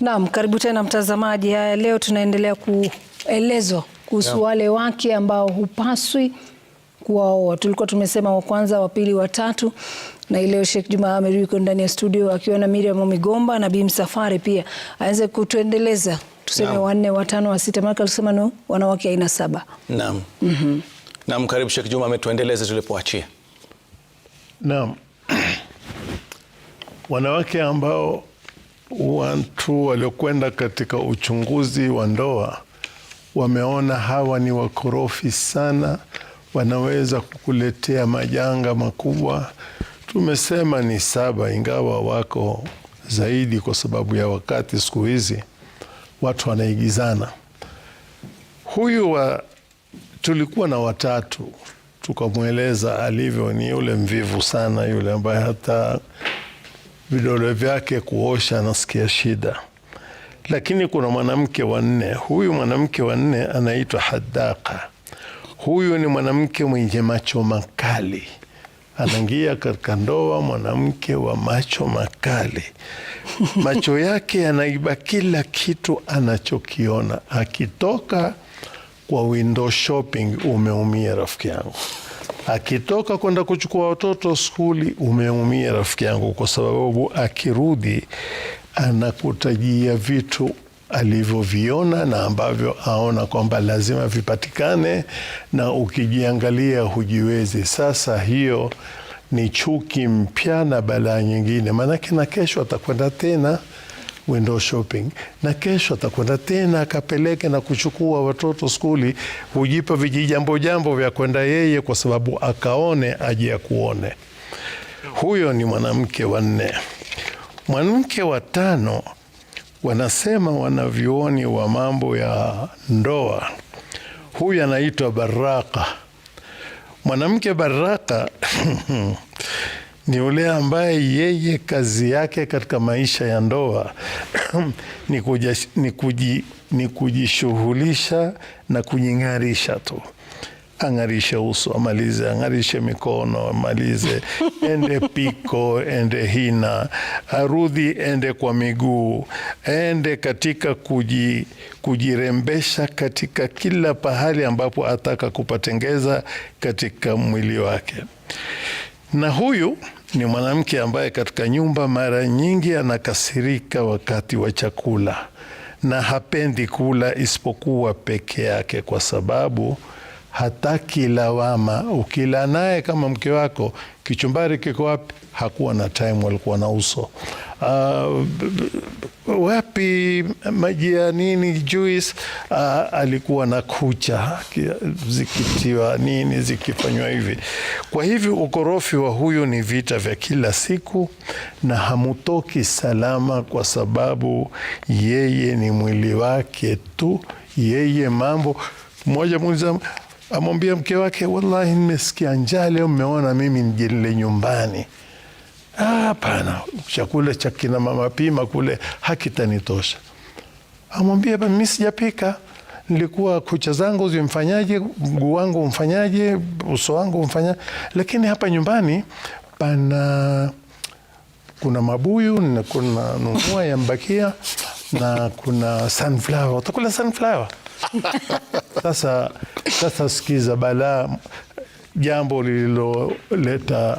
Naam, karibu tena mtazamaji. Haya, leo tunaendelea kuelezwa kuhusu yeah, wale wake ambao hupaswi kuwaoa. Tulikuwa tumesema wa kwanza, wa pili, wa tatu na ileo Sheikh Juma Ameir yuko ndani ya studio akiwa na Miriam Migomba na Bim Safari pia aweze kutuendeleza tuseme, yeah, wanne, watano, wa sita, maana alisema no wanawake aina saba. Naam. Mhm. Mm Naam, karibu Sheikh Juma ametuendeleza tulipoachia. Naam. Wanawake ambao watu waliokwenda katika uchunguzi wa ndoa wameona hawa ni wakorofi sana, wanaweza kukuletea majanga makubwa. Tumesema ni saba, ingawa wako zaidi, kwa sababu ya wakati siku hizi watu wanaigizana. Huyu wa tulikuwa na watatu, tukamweleza alivyo, ni yule mvivu sana, yule ambaye hata vidole vyake kuosha anasikia shida. Lakini kuna mwanamke wanne. Huyu mwanamke wanne anaitwa Hadaka. Huyu ni mwanamke mwenye macho makali, anaingia katika ndoa. Mwanamke wa macho makali, macho yake yanaiba kila kitu anachokiona. Akitoka kwa window shopping, umeumia rafiki yangu akitoka kwenda kuchukua watoto skuli, umeumia rafiki yangu, kwa sababu akirudi anakutajia vitu alivyoviona na ambavyo aona kwamba lazima vipatikane, na ukijiangalia hujiwezi. Sasa hiyo ni chuki mpya na balaa nyingine, maanake na kesho atakwenda tena window shopping, na kesho atakwenda tena akapeleke na kuchukua watoto skuli, hujipa vijijambo jambo vya kwenda yeye, kwa sababu akaone aje ya kuone. Huyo ni mwanamke wa nne. Mwanamke wa tano, wanasema wanavyuoni wa mambo ya ndoa, huyu anaitwa Baraka, mwanamke Baraka ni ule ambaye yeye kazi yake katika maisha ya ndoa ni, kuja, ni, kuji, ni kujishughulisha na kujing'arisha tu ang'arishe uso, amalize ang'arishe mikono, amalize ende piko, ende hina, arudhi, ende kwa miguu, ende katika kuji, kujirembesha katika kila pahali ambapo ataka kupatengeza katika mwili wake na huyu ni mwanamke ambaye katika nyumba mara nyingi anakasirika wakati wa chakula na hapendi kula isipokuwa peke yake, kwa sababu hataki lawama. Ukila naye kama mke wako, kichumbari kiko wapi? Hakuwa na time, walikuwa na uso uh, wapi majia nini juice uh, alikuwa na kucha zikitiwa nini zikifanywa hivi. Kwa hivyo ukorofi wa huyu ni vita vya kila siku, na hamutoki salama, kwa sababu yeye ni mwili wake tu. Yeye mambo mmoja mwiza amwambia mke wake, wallahi, nimesikia njaa leo, mmeona mimi nijelile nyumbani Hapana, chakula cha kina mama Pima kule hakitanitosha. ba, mimi sijapika, nilikuwa kucha zangu zimfanyaje, mguu wangu umfanyaje, uso wangu umfanyaje, lakini hapa nyumbani pana kuna mabuyu na kuna nunua yambakia na kuna sunflower, utakula sunflower. Sasa sasa sikiza, balaa jambo lililoleta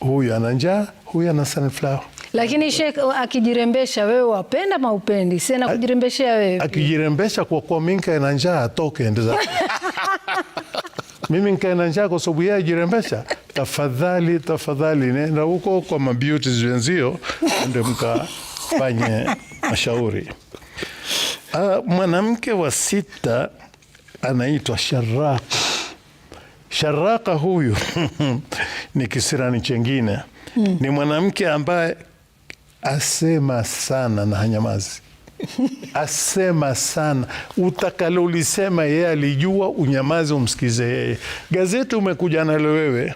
huyu ana njaa, huyu ana sunflower. Lakini Sheikh akijirembesha, wewe wapenda maupendi sena kujirembeshea wewe? Akijirembesha kwa kuwa mimi nikae njaa atoke ndiza mimi nkaena njaa kwa sababu yeye ajirembesha. Tafadhali, tafadhali nenda huko kwa mabeauty wenzio ende mkafanye mashauri. Uh, mwanamke wa sita anaitwa Sharaka Sharaka huyu ni kisirani chengine mm. Ni mwanamke ambaye asema sana na hanyamazi asema sana, utakalolisema yeye alijua, unyamazi umsikize yeye. Gazeti umekuja nalo wewe,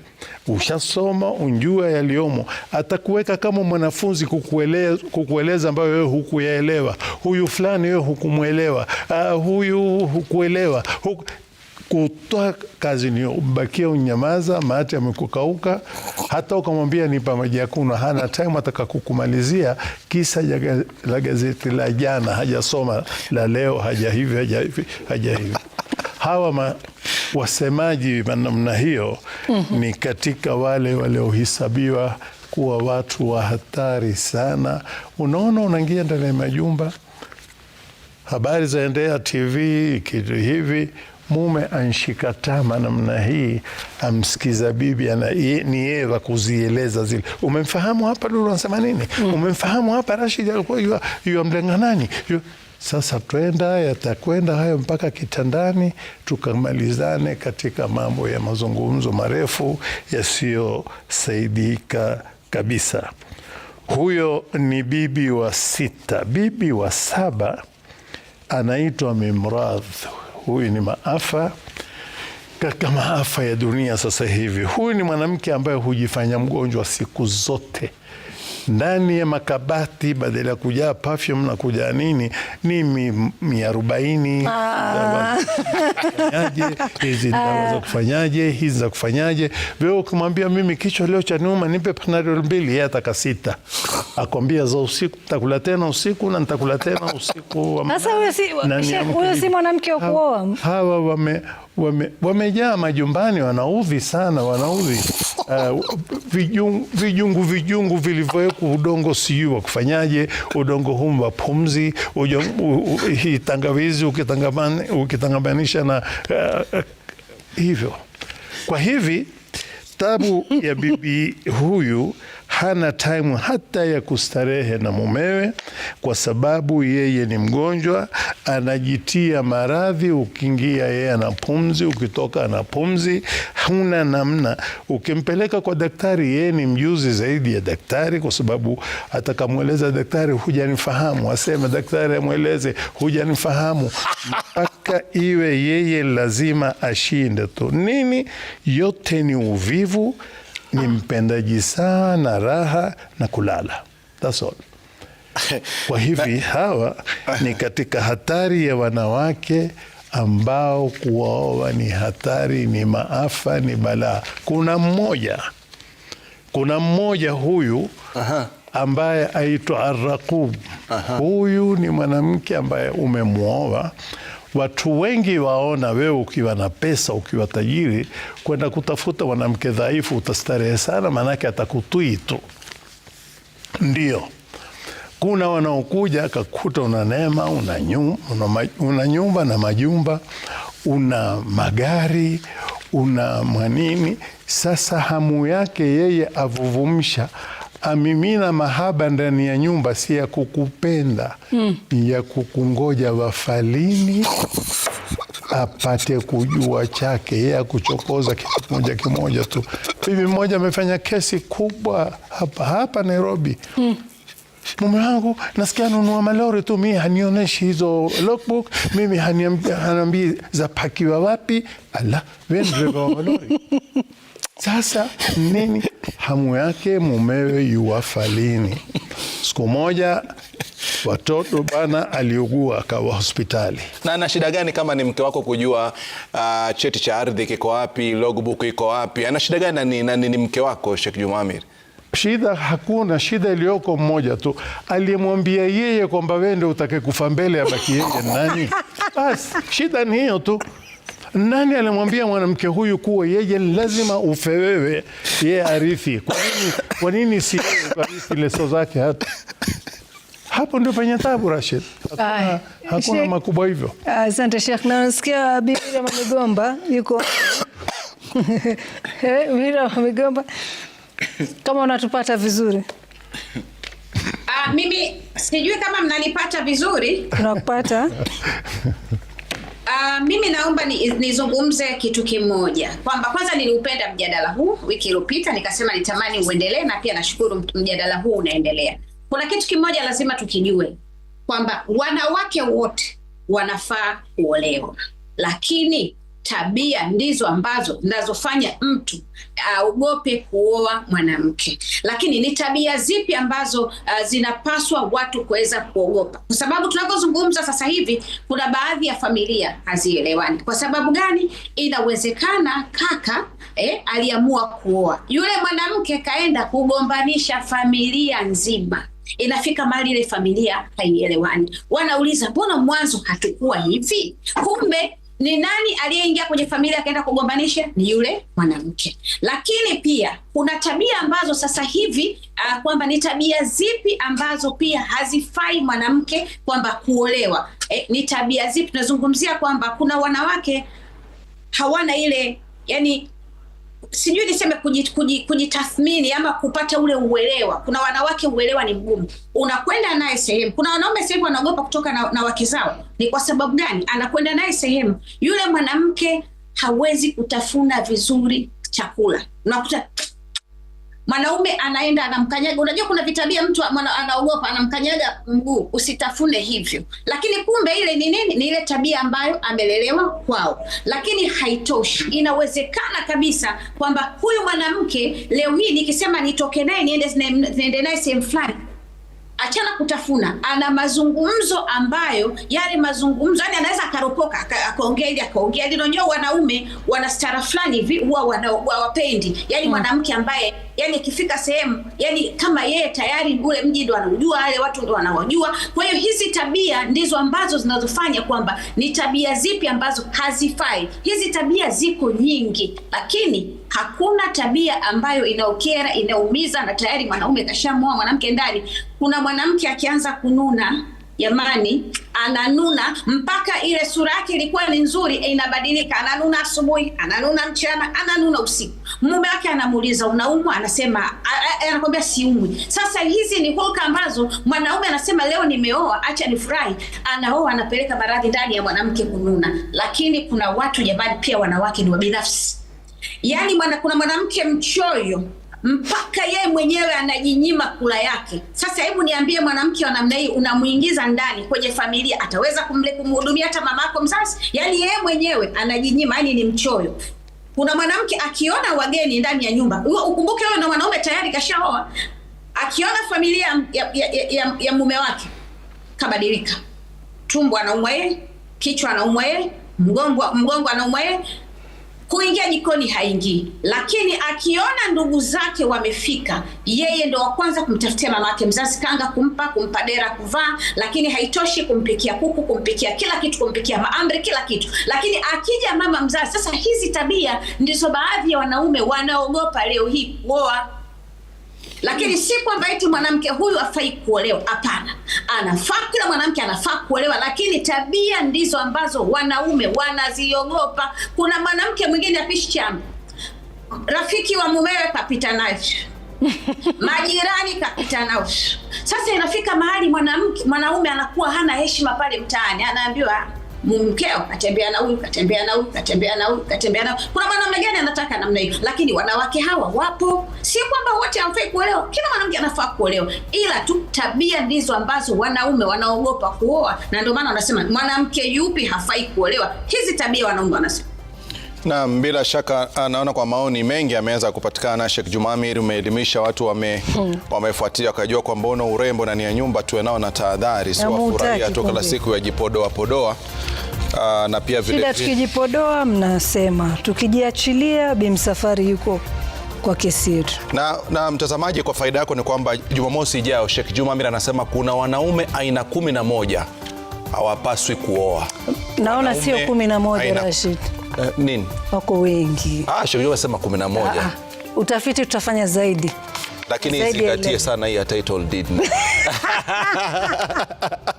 ushasoma, unjua yaliyomo. Atakuweka kama mwanafunzi kukueleza, kukueleza ambayo wewe hukuyaelewa. Huyu fulani wewe hukumwelewa, uh, huyu hukuelewa huku kutoa kazi ni ubakia unyamaza, maati amekukauka. Hata ukamwambia nipa maji ya kunywa, hana time, ataka kukumalizia kisa la gazeti la jana, hajasoma la leo, haja hivi haja hivi haja hivi. Hawa ma, wasemaji wa namna hiyo mm -hmm. ni katika wale waliohisabiwa kuwa watu wa hatari sana. Unaona, unaingia ndani ya majumba, habari zaendea TV kitu hivi mume anshikatama namna hii, amsikiza bibi ana ni yeye za kuzieleza zile, umemfahamu hapa Lulu anasema nini, mm. umemfahamu hapa Rashid alikuwa yuamlenga nani yu sasa twenda yatakwenda hayo mpaka kitandani, tukamalizane katika mambo ya mazungumzo marefu yasiyosaidika kabisa. Huyo ni bibi wa sita. Bibi wa saba anaitwa Mimradh huyu ni maafa katika maafa ya dunia sasa hivi. Huyu ni mwanamke ambaye hujifanya mgonjwa siku zote ndani ya makabati badala ya kujaa perfume na kujaa nini ah. ni mia arobaini hizi dawa za ah. kufanyaje, hizi za kufanyaje. Wewe ukimwambia mimi kichwa leo cha nyuma nipe Panadol mbili, ye ataka sita, akwambia za usiku takula tena usiku na ntakula tena usiku. huyo si mwanamke wa kuoa. Hawa wame wame, wamejaa majumbani, wanaudhi sana, wanaudhi uh, eh, vijungu vijungu, vijungu vilivyowekwa udongo, sijui wa kufanyaje udongo huu wa pumzi, hii tangawizi ukitangamanisha na uh, hivyo kwa hivi tabu ya bibi huyu hana taimu hata ya kustarehe na mumewe, kwa sababu yeye ni mgonjwa, anajitia maradhi. Ukiingia yeye ana pumzi, ukitoka ana pumzi, huna namna. Ukimpeleka kwa daktari, yeye ni mjuzi zaidi ya daktari, kwa sababu atakamweleza daktari, hujanifahamu, aseme daktari amweleze, hujanifahamu, mpaka iwe yeye lazima ashinde tu. Nini? Yote ni uvivu ni mpendaji sana raha na kulala, that's all. Kwa hivi hawa ni katika hatari ya wanawake ambao kuwaoa ni hatari, ni maafa, ni balaa. Kuna mmoja kuna mmoja huyu ambaye aitwa Arraqub. Huyu ni mwanamke ambaye umemwoa Watu wengi waona wewe ukiwa na pesa, ukiwa tajiri, kwenda kutafuta mwanamke dhaifu utastarehe sana, maanake atakutwii tu. Ndio kuna wanaokuja akakuta una neema, una nyumba, una nyumba na majumba, una magari, una mwanini. Sasa hamu yake yeye avuvumsha amimina mahaba ndani ya nyumba, si ya kukupenda mm, ni ya kukungoja wafalini apate kujua chake, yeye akuchokoza kitu kimoja kimoja tu. Bibi mmoja amefanya kesi kubwa hapa hapa Nairobi mm. Mume wangu nasikia nunua malori tu, mi hanionyeshi hizo lokbook mimi hanambii zapakiwa wapi. Ala, we wa malori Sasa nini hamu yake mumewe yuwafalini. Siku moja watoto bana aliugua akawa hospitali. Na ana shida gani kama ni mke wako kujua uh, cheti cha ardhi kiko wapi, logbook iko wapi? Ana shida gani na ni mke wako Sheikh Juma Amir? Shida hakuna, shida iliyoko mmoja tu, aliyemwambia yeye kwamba wewe ndio utake kufa mbele abaki yeye nani? Basi shida ni hiyo tu. Nani alimwambia mwanamke huyu kuwa yeye lazima ufe wewe, yeye arithi? Kwa nini, kwa nini si arithi leso zake hata hapo ndio penye tabu Rashid. Hakuna, hakuna makubwa hivyo. Asante Sheikh, na nasikia Bihira Migomba yuko eh, Bihira Migomba, kama unatupata vizuri. uh, mimi sijui kama mnanipata vizuri. Tunakupata Uh, mimi naomba nizungumze kitu kimoja kwamba kwanza niliupenda mjadala huu wiki iliyopita, nikasema nitamani uendelee, na pia nashukuru mjadala huu unaendelea. Kuna kitu kimoja lazima tukijue kwamba wanawake wote wanafaa kuolewa, lakini tabia ndizo ambazo zinazofanya mtu aogope uh, kuoa mwanamke. Lakini ni tabia zipi ambazo uh, zinapaswa watu kuweza kuogopa? Kwa sababu tunapozungumza sasa hivi kuna baadhi ya familia hazielewani. Kwa sababu gani? Inawezekana kaka eh, aliamua kuoa yule mwanamke, kaenda kugombanisha familia nzima inafika mali ile familia haielewani, wanauliza mbona mwanzo hatukuwa hivi? Kumbe ni nani aliyeingia kwenye familia akaenda kugombanisha? Ni yule mwanamke. Lakini pia kuna tabia ambazo sasa hivi uh, kwamba ni tabia zipi ambazo pia hazifai mwanamke kwamba kuolewa. E, ni tabia zipi tunazungumzia? Kwamba kuna wanawake hawana ile yani sijui niseme kujitathmini ama kupata ule uelewa. Kuna wanawake uelewa ni mgumu, unakwenda naye sehemu. Kuna wanaume sehemu wanaogopa kutoka na, na wake zao. Ni kwa sababu gani? Anakwenda naye sehemu, yule mwanamke hawezi kutafuna vizuri chakula, unakuta mwanaume anaenda anamkanyaga. Unajua kuna vitabia mtu anaogopa anamkanyaga mguu, usitafune hivyo, lakini kumbe ile ni nini? Ni ile tabia ambayo amelelewa kwao. Lakini haitoshi, inawezekana kabisa kwamba huyu mwanamke leo hii nikisema nitoke naye niende naye sehemu fulani achana kutafuna, ana mazungumzo ambayo yale mazungumzo yani anaweza akaropoka akaongea ili akaongea. Yaani unajua wanaume wana stara fulani hivi huwa wanawapendi, yani hmm. mwanamke ambaye yani ikifika sehemu yani kama yeye tayari ule mji ndo anaujua, wale watu ndo wanawajua. Kwa hiyo hizi tabia ndizo ambazo zinazofanya kwamba ni tabia zipi ambazo hazifai. Hizi tabia ziko nyingi, lakini hakuna tabia ambayo inaokera, inaumiza, na tayari mwanaume kashamoa mwanamke ndani. Kuna mwanamke akianza kununa Jamani, ananuna mpaka ile sura yake ilikuwa ni nzuri, inabadilika. Ananuna asubuhi, ananuna mchana, ananuna usiku. Mume wake anamuuliza unaumwa, anasema anakwambia siumwi. Sasa hizi ni hulka ambazo mwanaume anasema leo nimeoa, acha nifurahi, anaoa anapeleka maradhi ndani ya mwanamke kununa. Lakini kuna watu jamani, pia wanawake ni wabinafsi, yaani mwana, kuna mwanamke mchoyo mpaka yeye mwenyewe anajinyima kula yake. Sasa hebu niambie, mwanamke wa namna hii unamwingiza ndani kwenye familia, ataweza kumhudumia hata mamako mzazi? Yaani yeye mwenyewe anajinyima, yaani ni mchoyo. Kuna mwanamke akiona wageni ndani ya nyumba, ukumbuke huyo na mwanaume tayari kashaoa, akiona familia ya, ya, ya, ya mume wake kabadilika, tumbo anaumwa yeye, kichwa anaumwa yeye, mgongo mgongo anaumwa yeye, kuingia jikoni haingii, lakini akiona ndugu zake wamefika, yeye ndo wa kwanza kumtafutia mamake mzazi kanga, kumpa kumpa dera kuvaa, lakini haitoshi kumpikia kuku, kumpikia kila kitu, kumpikia maamri, kila kitu. Lakini akija mama mzazi, sasa hizi tabia ndizo baadhi ya wanaume wanaogopa leo hii kuoa lakini mm. si kwamba eti mwanamke huyu afai kuolewa. Hapana, anafaa, kila mwanamke anafaa kuolewa, lakini tabia ndizo ambazo wanaume wanaziogopa. Kuna mwanamke mwingine apishi chama, rafiki wa mumewe kapita naye majirani kapita nao. Sasa inafika mahali mwanamke mwanaume anakuwa hana heshima pale mtaani, anaambiwa mkeo katembea na huyu katembea na huyu katembea na huyu katembea na kuna mwanamume gani anataka namna hiyo? Lakini wanawake hawa wapo, si kwamba wote hawafai kuolewa, kila mwanamke anafaa kuolewa, ila tu tabia ndizo ambazo wanaume wanaogopa kuoa, na ndio maana wanasema mwanamke yupi hafai kuolewa. Hizi tabia wanaume wanasema Naam, bila shaka anaona ah, kwa maoni mengi ameweza kupatikana. Sheikh Jumamir, umeelimisha watu wame, hmm. wamefuatia wakajua kwamba mbona urembo ndani ya nyumba tuwe nao na tahadhari, si wafurahia tu kila siku yajipodoa podoa. Aa, ah, na pia vile vile tukijipodoa mnasema, tukijiachilia bimsafari yuko kwa kesi yetu. Na, na mtazamaji, kwa faida yako ni kwamba Jumamosi ijayo Sheikh Jumamir anasema kuna wanaume aina kumi na moja hawapaswi kuoa. Naona sio moja Rashid. Uh, nini? Wako wengi. Ah, sheria inasema moja. Ah, ah, utafiti tutafanya zaidi. Lakini zingatie sana hii title deed.